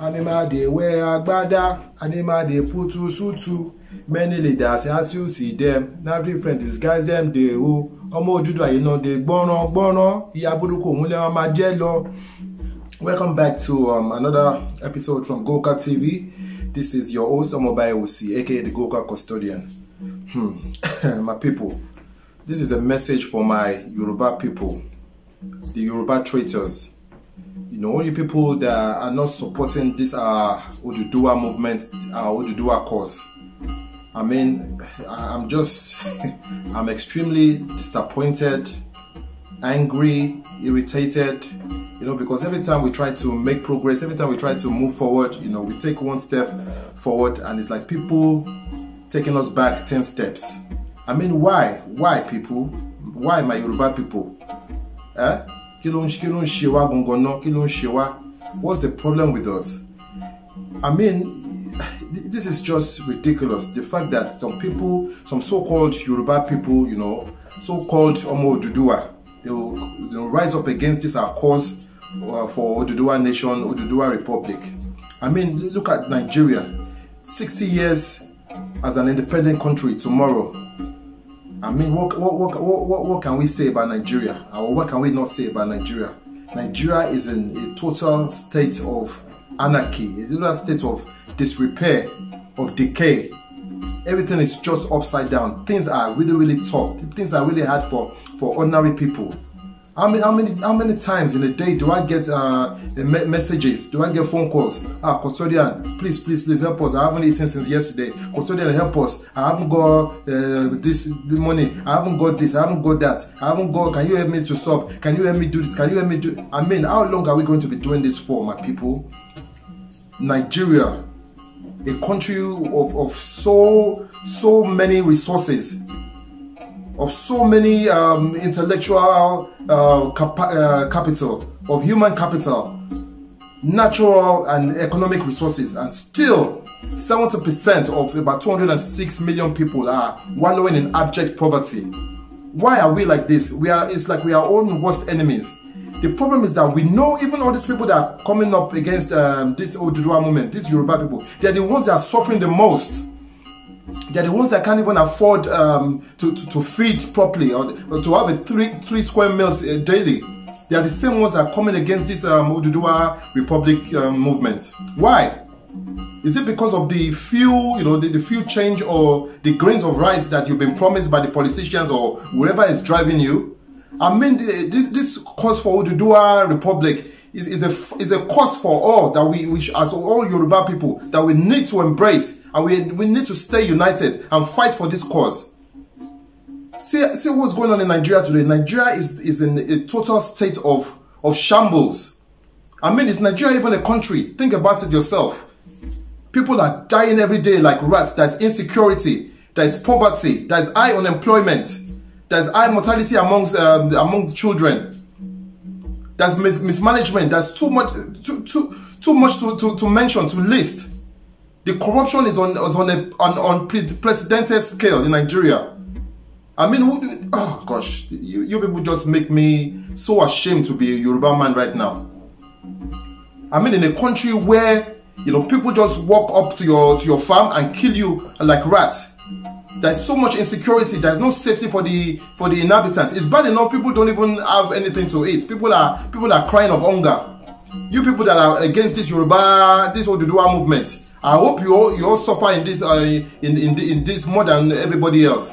animal dey wear agbada animal dey putu sutu many leaders see dem na different disguise dem dey o ọmọ Odùduwà yìí náà dey gbọ́nràn gbọ́nràn ìyá burúkú òun lẹ́wọ̀n máa jẹ́ lọ. welcome back to um, another episode from Goka TV this is your host Omobayo Osi aka the Goka custodian hmm. my people this is a message for my Yoruba people the Yoruba traitors. you know, you people that are not supporting this uh Oduduwa movement, uh Oduduwa cause. I mean, I'm just, I'm extremely disappointed, angry, irritated, you know, because every time we try to make progress, every time we try to move forward, you know, we take one step forward and it's like people taking us back 10 steps. I mean, why? Why people? Why my Yoruba people? Eh? kí ló ń kí ló ń ṣe wá gangan náà kí ló ń ṣe wá what's the problem with us i mean this is just ridiculous the fact that some people some so-called Yoruba people you know so-called Ọmọ Oduduwa they will, they will rise up against this our cause uh, for Oduduwa nation Oduduwa republic i mean look at Nigeria sixty years as an independent country tomorrow I mean, what, what, what, what, what can we say about Nigeria? Or what can we not say about Nigeria? Nigeria is in a total state of anarchy, a total state of disrepair, of decay. Everything is just upside down. Things are really, really tough. Things are really hard for, for ordinary people. How many, how many, how many times in a day do I get uh, messages? Do I get phone calls? Ah, custodian, please, please, please help us. I haven't eaten since yesterday. Custodian, help us. I haven't got uh, this money. I haven't got this. I haven't got that. I haven't got. Can you help me to stop? Can you help me do this? Can you help me do? I mean, how long are we going to be doing this for, my people? Nigeria, a country of, of so so many resources of so many um, intellectual uh, cap uh, capital, of human capital, natural and economic resources, and still 70% of about 206 million people are wallowing in abject poverty. Why are we like this? We are, it's like we are our own worst enemies. The problem is that we know even all these people that are coming up against um, this Odudua movement, these Yoruba people, they're the ones that are suffering the most. They're the ones that can't even afford um, to, to, to, feed properly or, or, to have a three, three square meals uh, daily. They are the same ones that are coming against this um, Ududua Republic um, movement. Why? Is it because of the few, you know, the, the, few change or the grains of rice that you've been promised by the politicians or whoever is driving you? I mean, this this calls for Ududua Republic is, is, a, is a cause for all that we, we as all Yoruba people, that we need to embrace and we, we need to stay united and fight for this cause. See, see what's going on in Nigeria today. Nigeria is, is in a total state of, of shambles. I mean, is Nigeria even a country? Think about it yourself. People are dying every day like rats. There's insecurity, there's poverty, there's high unemployment, there's high mortality amongst, um, among children. There's mis- mismanagement. There's too much, too, too, too much to, to, to mention, to list. The corruption is on is on a on, on unprecedented scale in Nigeria. I mean, who do, oh gosh, you, you people just make me so ashamed to be a Yoruba man right now. I mean, in a country where you know people just walk up to your to your farm and kill you like rats There's so much insecurity. There's no safety for the for the inhabitants. It's bad enough people don't even have anything to eat. People are people are crying of hunger. You people that are against this Yoruba, this Oduduwa movement, I hope you all you all suffer in this uh, in in in this more than everybody else,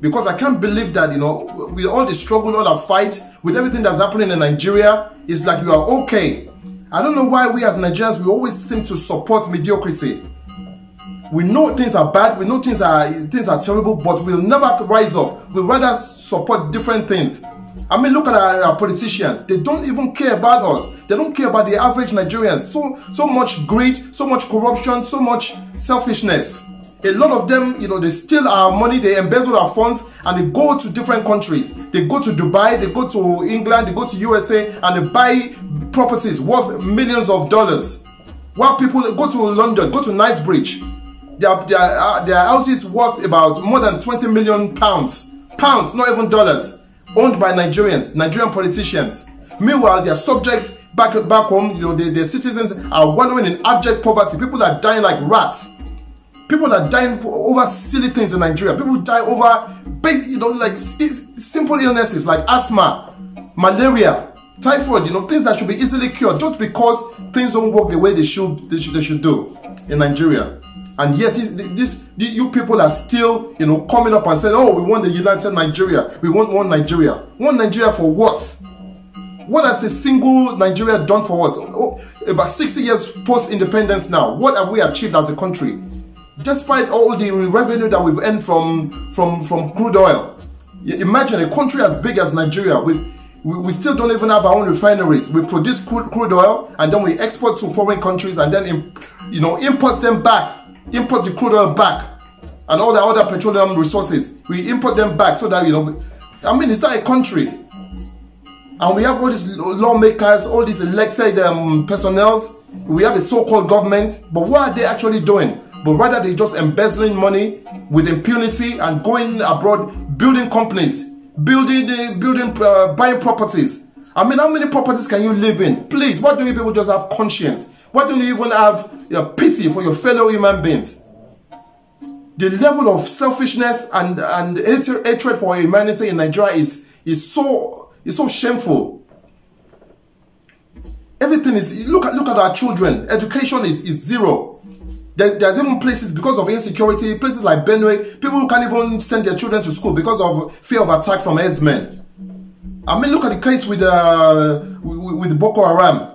because I can't believe that you know with all the struggle, all the fight, with everything that's happening in Nigeria, it's like you are okay. I don't know why we as Nigerians we always seem to support mediocrity. we know things are bad we know things are things are terrible but we'll never rise up we'll rather support different things i mean look at our, our politicians they don't even care about us they don't care about the average nigerians so so much greed so much corruption so much selfishness a lot of them you know they steal our money they embezzle our funds and they go to different countries they go to dubai they go to england they go to usa and they buy properties worth millions of dollars while people go to london go to knightsbridge their their uh, their houses worth about more than 20 million pounds pounds not even dollars owned by nigerians nigerian politicians meanwhile their subjects back back home you know their, their citizens are wallowing in abject poverty people are dying like rats people are dying for over silly things in nigeria people die over you know like simple illnesses like asthma malaria typhoid you know things that should be easily cured just because things don't work the way they should they should, they should do in nigeria and yet, this, this, you people are still, you know, coming up and saying, "Oh, we want the united Nigeria. We want one Nigeria. One Nigeria for what? What has a single Nigeria done for us? Oh, about 60 years post-independence now, what have we achieved as a country? Despite all the revenue that we've earned from from from crude oil, imagine a country as big as Nigeria with we, we, still don't even have our own refineries. We produce crude, crude, oil and then we export to foreign countries and then, you know, import them back import the crude oil back and all the other petroleum resources. We import them back so that, you know, I mean, it's not a country. And we have all these lawmakers, all these elected um, personnel. We have a so-called government. But what are they actually doing? But rather they just embezzling money with impunity and going abroad, building companies, building, the, building, uh, buying properties. I mean, how many properties can you live in? Please, why don't you people just have conscience? Why don't you even have your pity for your fellow human beings? The level of selfishness and, and hatred for humanity in Nigeria is, is, so, is so shameful. Everything is, look at, look at our children. Education is, is zero. There, there's even places, because of insecurity, places like Benue, people who can't even send their children to school because of fear of attack from headsmen. I mean, look at the case with, uh, with, with Boko Haram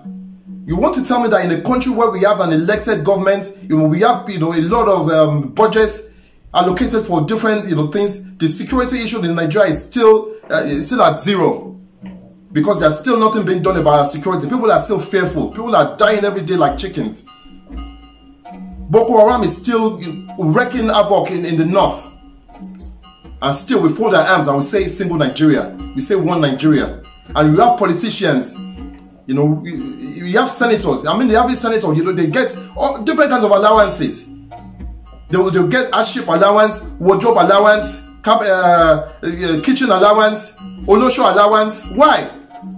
you want to tell me that in a country where we have an elected government, you know, we have you know a lot of um, budgets allocated for different you know things. The security issue in Nigeria is still uh, is still at zero because there's still nothing being done about our security. People are still fearful. People are dying every day like chickens. Boko Haram is still wrecking havoc in, in the north. And still we fold our arms and we say single Nigeria. We say one Nigeria. And we have politicians, you know, you have senators i mean have every senator you know they get all different kinds of allowances they will they get hardship allowance wardrobe allowance cap uh, uh, kitchen allowance olosho allowance why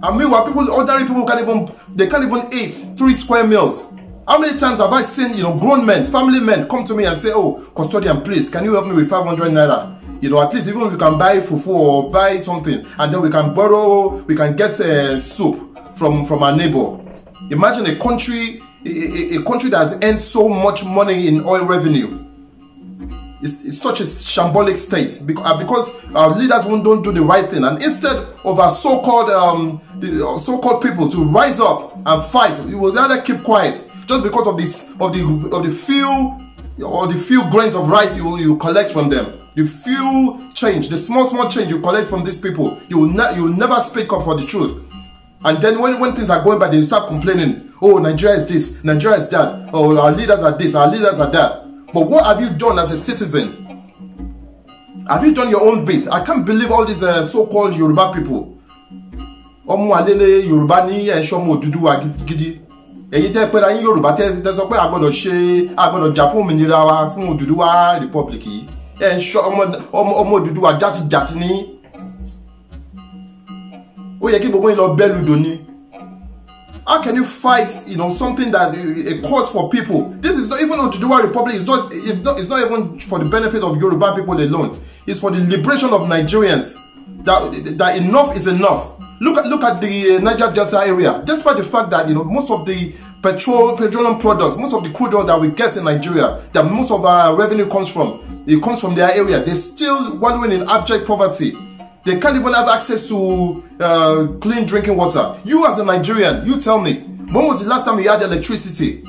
and meanwhile people ordinary people can't even they can't even eat three square meals how many times have i seen you know grown men family men come to me and say oh custodian please can you help me with five hundred naira you know at least even if you can buy fufu or buy something and then we can borrow we can get uh, soup from from our neighbor Imagine a country, a, a, country that has earned so much money in oil revenue. It's, it's such a shambolic state uh, because, because uh, our leaders won't, don't do the right thing. And instead of our so-called um, uh, so-called people to rise up and fight, we will rather keep quiet just because of this of the of the few or the few grains of rice you you collect from them. The few change, the small small change you collect from these people, you will not you will never speak up for the truth. And then when, when things are going bad, they start complaining. Oh, Nigeria is this, Nigeria is that. Oh, our leaders are this, our leaders are that. But what have you done as a citizen? Have you done your own bit? I can't believe all these uh, so-called Yoruba people. Ọmọ alele Yorùbá ní ẹ̀ṣọ́mọ Odùduwà gidi. Èyí tẹ́ pẹ́ra yín Yorùbá tẹ́ sọ pé a ṣe a jà fún òmìnira wa fún Odùduwà Republic yìí. Ẹ̀ṣọ́ ọmọ Odùduwà játijàti ní ó yẹ kí gbogbo yín lọ bẹ́ẹ̀ lùdò how can you fight you know something that eh, a cause for people this is not even Oduduwa Republic it's not it's not it's not even for the benefit of Yoruba people alone it's for the liberation of Nigerians that that enough is enough look at look at the eh, Niger Delta area despite the fact that you know most of the petrol petroleum products most of the crude oil that we get in Nigeria that most of our revenue comes from it comes from their area They still wallowing in abject poverty They can't even have access to uh, clean drinking water. You, as a Nigerian, you tell me, when was the last time you had electricity?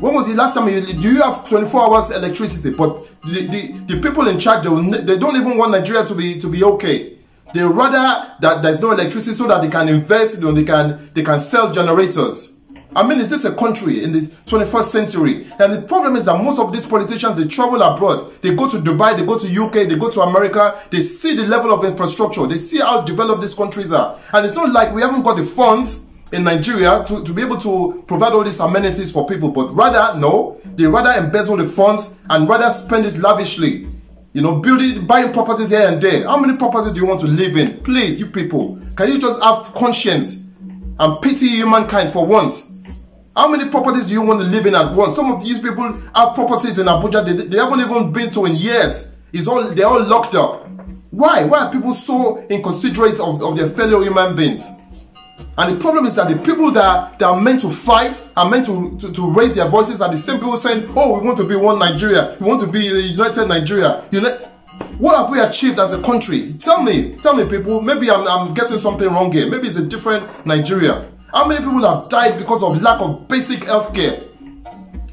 When was the last time you do you have 24 hours electricity? But the, the, the people in charge they, will, they don't even want Nigeria to be to be okay. They rather that there's no electricity so that they can invest, you know, they can they can sell generators. I mean, is this a country in the 21st century? And the problem is that most of these politicians, they travel abroad. They go to Dubai, they go to UK, they go to America. They see the level of infrastructure. They see how developed these countries are. And it's not like we haven't got the funds in Nigeria to, to be able to provide all these amenities for people. But rather, no, they rather embezzle the funds and rather spend it lavishly. You know, building, buying properties here and there. How many properties do you want to live in? Please, you people, can you just have conscience and pity humankind for once? How many properties do you want to live in at once? Some of these people have properties in Abuja they, they haven't even been to in years. It's all they're all locked up. Why? Why are people so inconsiderate of, of their fellow human beings? And the problem is that the people that, that are meant to fight are meant to, to, to raise their voices are the same people saying, oh, we want to be one Nigeria. We want to be the United Nigeria. You know, what have we achieved as a country? Tell me, tell me people, maybe I'm, I'm getting something wrong here. Maybe it's a different Nigeria. How many people have died because of lack of basic health care?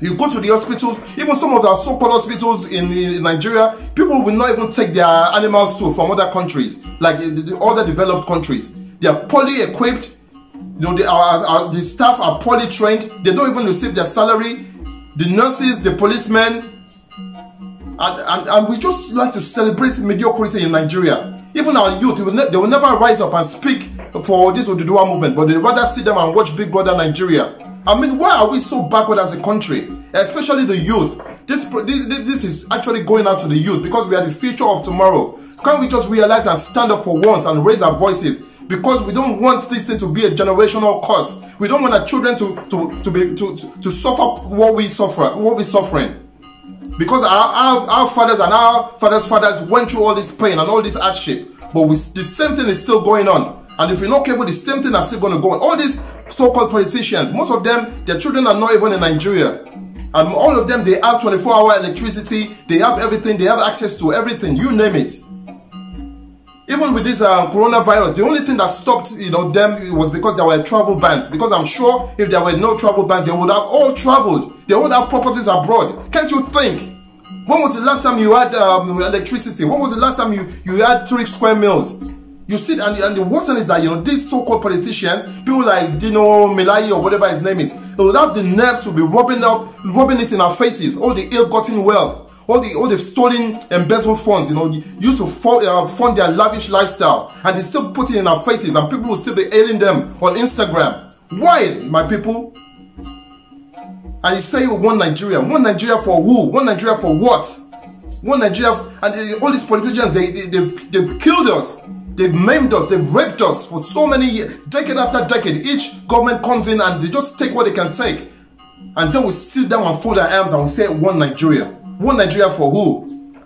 You go to the hospitals, even some of the so-called hospitals in, in, Nigeria, people will not even take their animals to from other countries, like the, the other developed countries. They are poorly equipped. You know, they are, are, the staff are poorly trained. They don't even receive their salary. The nurses, the policemen, and, and, and we just like to celebrate mediocrity in Nigeria. Even our youth, will they will never rise up and speak for this Oduduwa movement, but they rather sit down and watch Big Brother Nigeria. I mean, why are we so backward as a country, especially the youth? This, this, this is actually going out to the youth because we are the future of tomorrow. Can't we just realize and stand up for once and raise our voices? Because we don't want this thing to be a generational curse. We don't want our children to, to, to, be, to, to, to suffer what we suffer, what we suffering. Because our, our, our fathers and our fathers' fathers went through all this pain and all this hardship. But we, the same thing is still going on. And if you're not careful, the same thing is still going to go on. All these so-called politicians, most of them, their children are not even in Nigeria. And all of them, they have 24-hour electricity. They have everything. They have access to everything. You name it even with this uh, coronavirus, the only thing that stopped you know them was because there were travel bans. Because I'm sure if there were no travel bans, they would have all traveled. They would have properties abroad. Can't you think? When was the last time you had um, electricity? When was the last time you you had three square meals? You see, and, and the worst thing is that you know these so-called politicians, people like Dino Melai or whatever his name is, they would have the nerves to be rubbing up, rubbing it in our faces, all the ill-gotten wealth. all the all they've stolen embezzled funds, you know, used to fund, uh, fund their lavish lifestyle, and they still put it in our faces, and people will still be ailing them on Instagram. Why, my people? And you say one Nigeria, one Nigeria for who? One Nigeria for what? One Nigeria, and they, uh, all these politicians, they, they they've, they've killed us. They've maimed us, they've raped us for so many years, decade after decade. Each government comes in and they just take what they can take. And then we sit down and fold our arms and we say, one Nigeria. One Nigeria for who?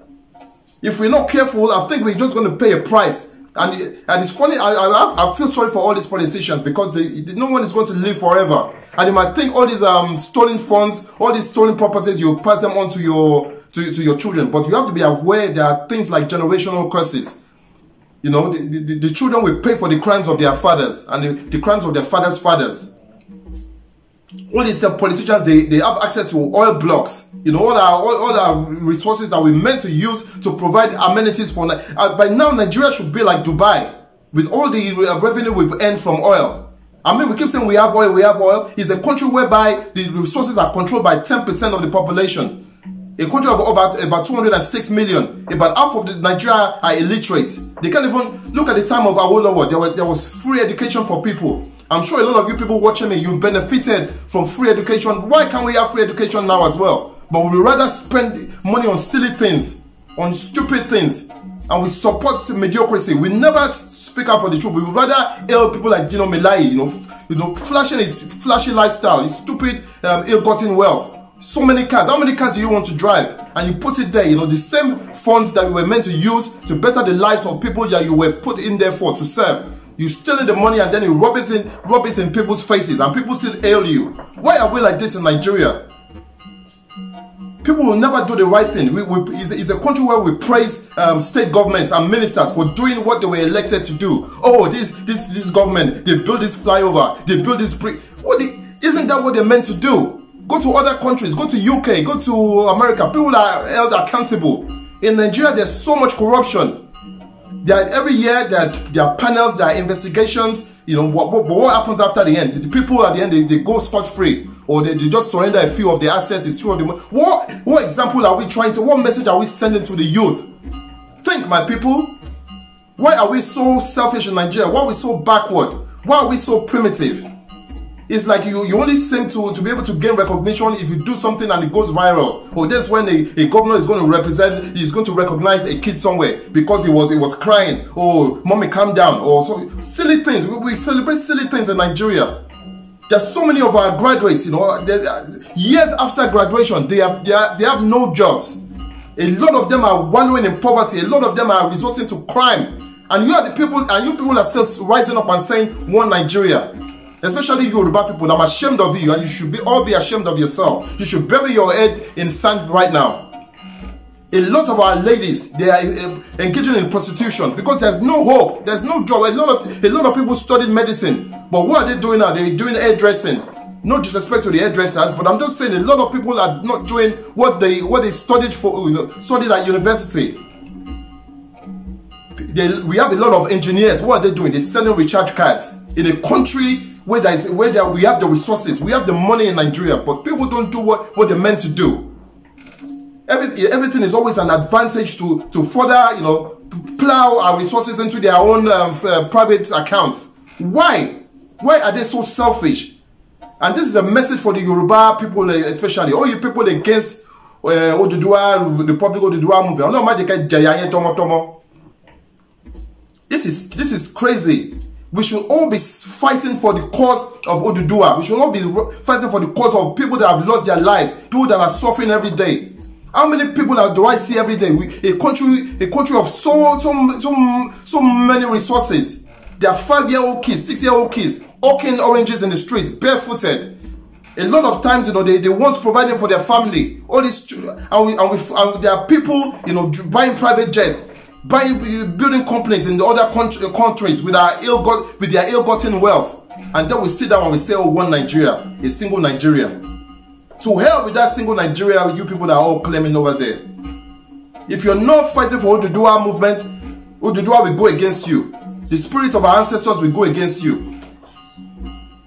If we're not careful, I think we're just going to pay a price. And, and it's funny, I, I, I feel sorry for all these politicians because they, no one is going to live forever. And you might think all these um, stolen funds, all these stolen properties, you pass them on to your, to, to your children. But you have to be aware there are things like generational curses. You know, the, the, the children will pay for the crimes of their fathers and the, the crimes of their fathers' fathers all these politicians they, they have access to oil blocks you know all our all, all our resources that we meant to use to provide amenities for uh, by now nigeria should be like dubai with all the uh, revenue we've earned from oil i mean we keep saying we have oil we have oil It's a country whereby the resources are controlled by 10 of the population a country of about about 206 million about half of the nigeria are illiterate they can't even look at the time of our awolowo there was there was free education for people I'm sure a lot of you people watching me, you benefited from free education. Why can't we have free education now as well? But we rather spend money on silly things, on stupid things, and we support mediocrity. We never speak out for the truth. We rather help people like Dino Melai, you know, you know, flashing his flashy lifestyle, his stupid, um, ill-gotten wealth. So many cars. How many cars do you want to drive? And you put it there, you know, the same funds that you were meant to use to better the lives of people that you were put in there for to serve You stealing the money and then you rub it in, rub it in people's faces, and people still hail you. Why are we like this in Nigeria? People will never do the right thing. We, we, it's, it's a country where we praise um, state governments and ministers for doing what they were elected to do. Oh, this this this government, they build this flyover, they build this bridge. What the, isn't that what they're meant to do? Go to other countries, go to UK, go to America. People are held accountable. In Nigeria, there's so much corruption. That every year there, there are panels, there are investigations. You know what, what, what happens after the end? The people at the end they, they go scot free or they, they just surrender a few of the assets, a few of the money. What what example are we trying to? What message are we sending to the youth? Think, my people. Why are we so selfish in Nigeria? Why are we so backward? Why are we so primitive? It's like you, you only seem to, to be able to gain recognition if you do something and it goes viral. Or oh, that's when a, a governor is going to represent, he's going to recognize a kid somewhere because he was he was crying. Oh, mommy, calm down. Or oh, so silly things. We, we celebrate silly things in Nigeria. There's so many of our graduates, you know, years after graduation, they have, they, are, they have no jobs. A lot of them are wallowing in poverty. A lot of them are resorting to crime. And you are the people, and you people are still rising up and saying, one Nigeria. especially Yoruba people, I'm ashamed of you and you should be all be ashamed of yourself. You should bury your head in sand right now. A lot of our ladies, they are eh, engaging in prostitution because there's no hope, there's no job. A lot of a lot of people studied medicine, but what are they doing now? They're doing hairdressing. No disrespect to the hairdressers, but I'm just saying a lot of people are not doing what they what they studied for, you know, studied at university. They, we have a lot of engineers. What are they doing? They're selling recharge cards in a country where, there is, we have the resources, we have the money in Nigeria, but people don't do what, what they're meant to do. Every, everything is always an advantage to, to further, you know, plow our resources into their own um, uh, private accounts. Why? Why are they so selfish? And this is a message for the Yoruba people, eh, especially all you people against uh, eh, Oduduwa, Republic Oduduwa movement. This is this is crazy. We should all be fighting for the cause of Odudua. We should all be fighting for the cause of people that have lost their lives, people that are suffering every day. How many people do I see every day? We, a country, a country of so so so so many resources. There are five-year-old kids, six-year-old kids, hawking oranges in the streets, barefooted. A lot of times, you know, they, they want providing for their family. All these, and we, and we, and there are people, you know, buying private jets buying building companies in the other country, uh, countries with our ill got with their ill-gotten wealth and then we sit down and we say oh one nigeria a single nigeria to hell with that single nigeria you people that are all claiming over there if you're not fighting for Oduduwa movement Oduduwa will go against you the spirit of our ancestors will go against you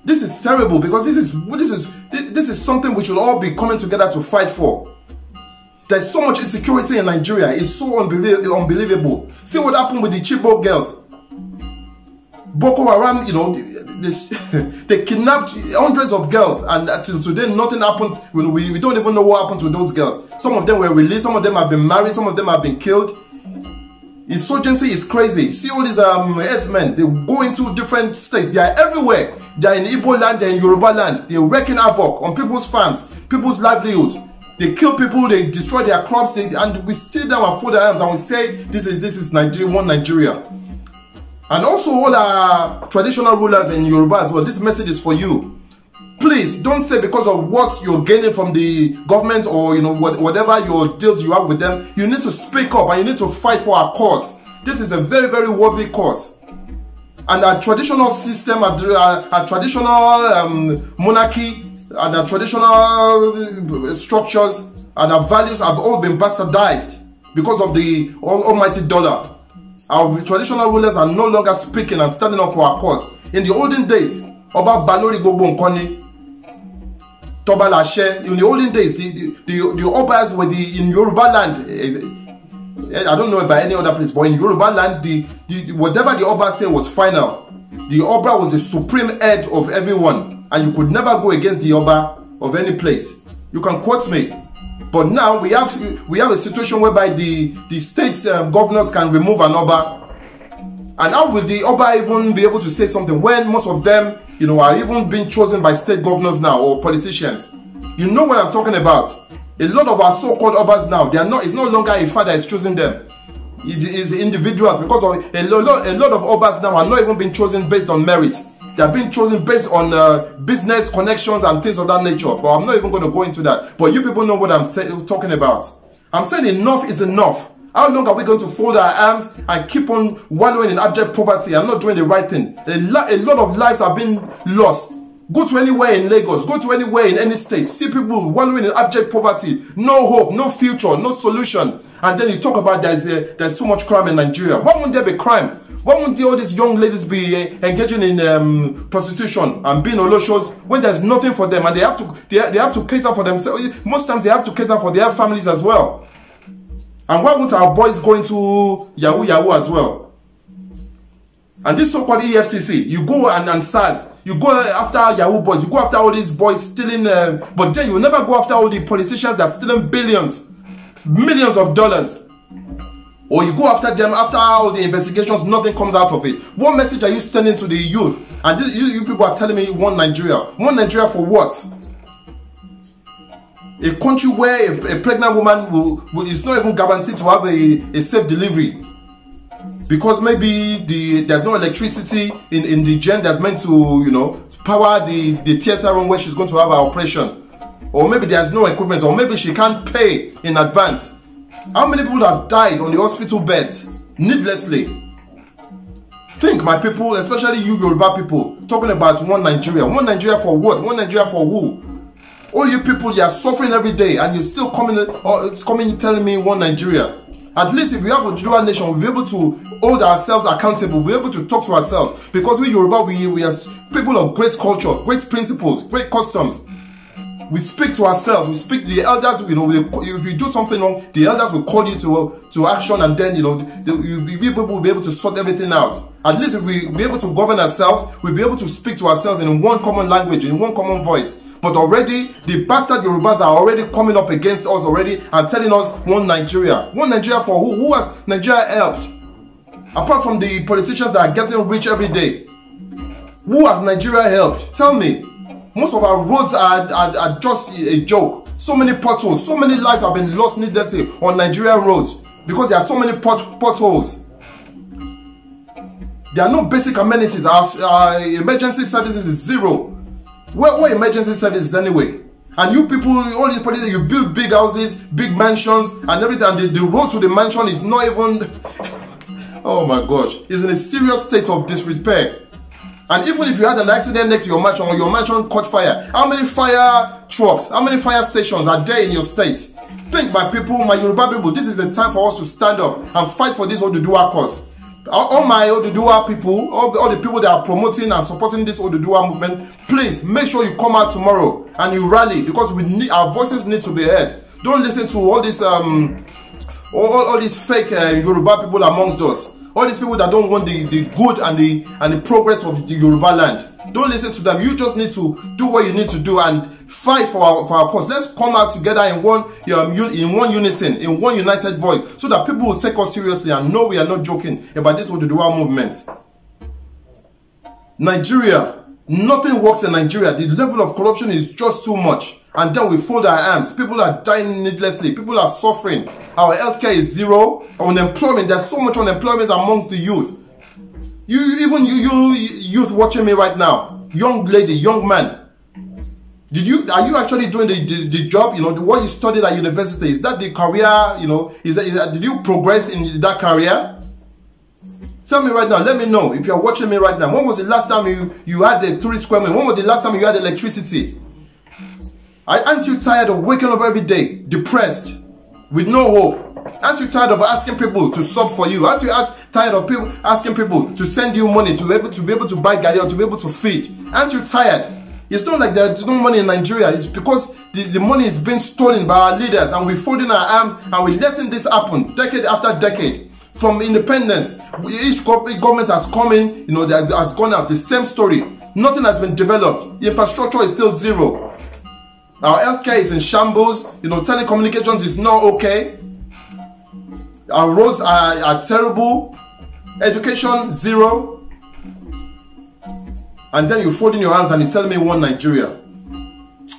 this is terrible because this is this is this is something we should all be coming together to fight for there's so much insecurity in Nigeria. It's so unbelie- unbelievable. See what happened with the Chibok girls. Boko Haram, you know, this, they kidnapped hundreds of girls, and until today, nothing happened. We, we, we, don't even know what happened to those girls. Some of them were released, some of them have been married, some of them have been killed. Insurgency is crazy. See all these um, headsmen, they go into different states, they are everywhere. They are in Igbo land, they are in Yoruba land. They're wrecking havoc on people's farms, people's livelihoods. They kill people, they destroy their crops, they, and we still down and fold our arms and we say this is this is Nigeria, one Nigeria. And also all our traditional rulers in Yoruba as well. This message is for you. Please don't say because of what you're gaining from the government or you know what, whatever your deals you have with them. You need to speak up and you need to fight for our cause. This is a very very worthy cause and our traditional system, our, our, traditional um, monarchy and our traditional uh, structures and our values have all been bastardized because of the almighty dollar. Our traditional rulers are no longer speaking and standing up for our cause. In the olden days, Ọba Balori gbogbo nǹkan ni Tọba In the olden days, the the the Obas were the in Yoruba land. Eh, eh, I don't know about any other place, but in Yoruba land, the, the whatever the Oba said was final. The Oba was the supreme head of everyone. and you could never go against the Oba of any place. You can quote me. But now we have we have a situation whereby the, the state um, governors can remove an Oba. And how will the Oba even be able to say something when most of them, you know, are even being chosen by state governors now or politicians? You know what I'm talking about. A lot of our so-called Obas now, they are not, it's no longer a father is choosing them. It is individuals because of a lot, a lot of Obas now are not even being chosen based on merit. They're being chosen based on uh, business connections and things of that nature. But I'm not even going to go into that. But you people know what I'm talking about. I'm saying enough is enough. How long are we going to fold our arms and keep on wallowing in abject poverty and not doing the right thing? A, a lot of lives are being lost. Go to anywhere in Lagos, go to anywhere in any state, see people wallowing in abject poverty, no hope, no future, no solution. And then you talk about there's, a, uh, there's so much crime in Nigeria. Why won't there be crime? Why won't all these young ladies be uh, engaging in um, prostitution and being on shows when there's nothing for them and they have to they, they have to cater for themselves? Eh, most times they have to cater for their families as well. And why won't our boys go into yahoo yahoo as well? And this so-called EFCC, you go and, and SARS, you go eh, after Yahoo boys, you go after all these boys stealing, uh, but then you never go after all the politicians that are stealing billions, millions of dollars or you go after them after all the investigations nothing comes out of it what message are you sending to the youth and this, you, you people are telling me one nigeria one nigeria for what a country where a, a pregnant woman will, will is not even guaranteed to have a, a safe delivery because maybe the there's no electricity in in the gen that's meant to you know power the the theater room where she's going to have her operation or maybe there's no equipment or maybe she can't pay in advance How many people have died on the hospital beds needlessly? Think, my people, especially you Yoruba people, talking about one Nigeria. One Nigeria for what? One Nigeria for who? All you people, you are suffering every day and you still coming or uh, it's coming telling me one Nigeria. At least if we have a dual nation, we'll be able to hold ourselves accountable. We'll be able to talk to ourselves because we Yoruba, we, we are people of great culture, great principles, great customs we speak to ourselves we speak the elders you know they, if you do something wrong the elders will call you to to action and then you know they, you be able will be able to sort everything out at least if we be able to govern ourselves we'll be able to speak to ourselves in one common language in one common voice but already the bastard yorubas are already coming up against us already and telling us one nigeria one nigeria for who who has nigeria helped apart from the politicians that are getting rich every day who has nigeria helped tell me Most of our roads are, are, are just a joke. So many potholes, so many lives have been lost needlessly on Nigerian roads because there are so many pot, potholes. There are no basic amenities. Our, our emergency services is zero. Where, where emergency services anyway? And you people, all these politics, you build big houses, big mansions, and everything. And the, the road to the mansion is not even. oh my gosh. It's in a serious state of disrespect. And even if you had an accident next to your mansion or your mansion caught fire, how many fire trucks, how many fire stations are there in your state? Think, my people, my Yoruba people, this is a time for us to stand up and fight for this Oduduwa cause. All my Oduduwa people, all, all the people that are promoting and supporting this Oduduwa movement, please make sure you come out tomorrow and you rally because we need our voices need to be heard. Don't listen to all this um all, all, all these fake uh, Yoruba people amongst us all these people that don't want the the good and the and the progress of the Yoruba land don't listen to them you just need to do what you need to do and fight for our for our cause let's come out together in one um, in one unison in one united voice so that people will take us seriously and know we are not joking about this Oduduwa movement Nigeria nothing works in Nigeria the level of corruption is just too much And then we fold our arms. People are dying needlessly. People are suffering. Our healthcare is zero. Unemployment. There's so much unemployment amongst the youth. You even you you youth watching me right now, young lady, young man. Did you are you actually doing the, the, the job? You know the, what you studied at university is that the career? You know is that, is that did you progress in that career? Tell me right now, let me know if you're watching me right now. When was the last time you, you had the three square meter? When was the last time you had electricity? Aren't you tired of waking up every day depressed with no hope? Aren't you tired of asking people to sub for you? Aren't you ask, tired of people asking people to send you money to be able to be able to buy gari or to be able to feed? Aren't you tired? It's not like there's no money in Nigeria. It's because the, the money is being stolen by our leaders and we're folding our arms and we're letting this happen decade after decade. From independence, each government has come in, you know, that has gone out. The same story. Nothing has been developed. The infrastructure is still zero. Our healthcare is in shambles. You know, telecommunications is not okay. Our roads are, are terrible. Education, zero. And then you fold in your hands and you tell me one Nigeria.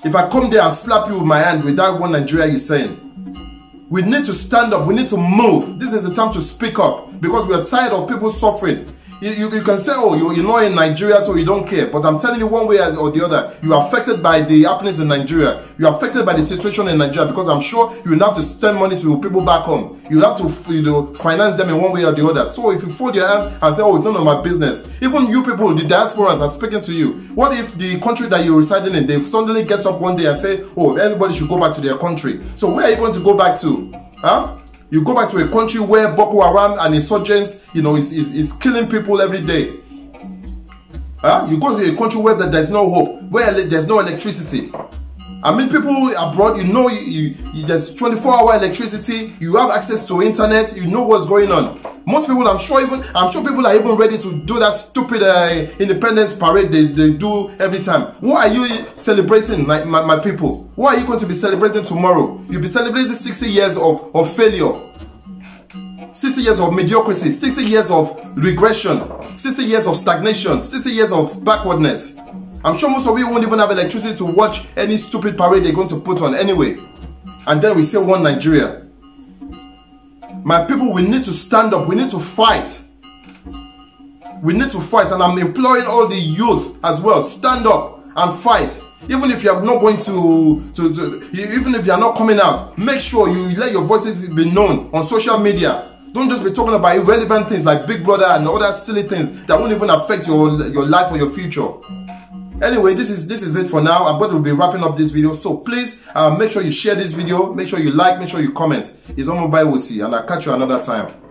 If I come there and slap you with my hand with that one Nigeria you're saying, we need to stand up. We need to move. This is the time to speak up because we are tired of people suffering. You, you, can say, oh, you're not in Nigeria, so you don't care. But I'm telling you, one way or the other, you are affected by the happenings in Nigeria. You are affected by the situation in Nigeria because I'm sure you'll have to send money to people back home. you'll have to you know, finance them in one way or the other. So if you fold your hands and say, oh, it's none of my business, even you people, the diasporans, are speaking to you. What if the country that you're residing in, they suddenly get up one day and say, oh, everybody should go back to their country? So where are you going to go back to? Huh? You go back to a country where Boko Haram and insurgents, you know, is, is, is killing people every day. Uh, you go to a country where there is no hope, where there's no electricity, I mean, people abroad, you know, you, you, there's 24-hour electricity. You have access to internet. You know what's going on. Most people, I'm sure, even I'm sure people are even ready to do that stupid uh, independence parade they, they do every time. What are you celebrating, like my, my people? What are you going to be celebrating tomorrow? You'll be celebrating 60 years of, of failure, 60 years of mediocrity, 60 years of regression, 60 years of stagnation, 60 years of backwardness. I'm sure most of you won't even have electricity to watch any stupid parade they're going to put on anyway. And then we say one Nigeria. My people, we need to stand up. We need to fight. We need to fight. And I'm imploring all the youth as well. Stand up and fight. Even if you are not going to, to, to even if you are not coming out, make sure you let your voices be known on social media. Don't just be talking about irrelevant things like Big Brother and other silly things that won't even affect your, your life or your future anyway this is this is it for now i'm going to be wrapping up this video so please uh, make sure you share this video make sure you like make sure you comment it's on mobile we'll see and i'll catch you another time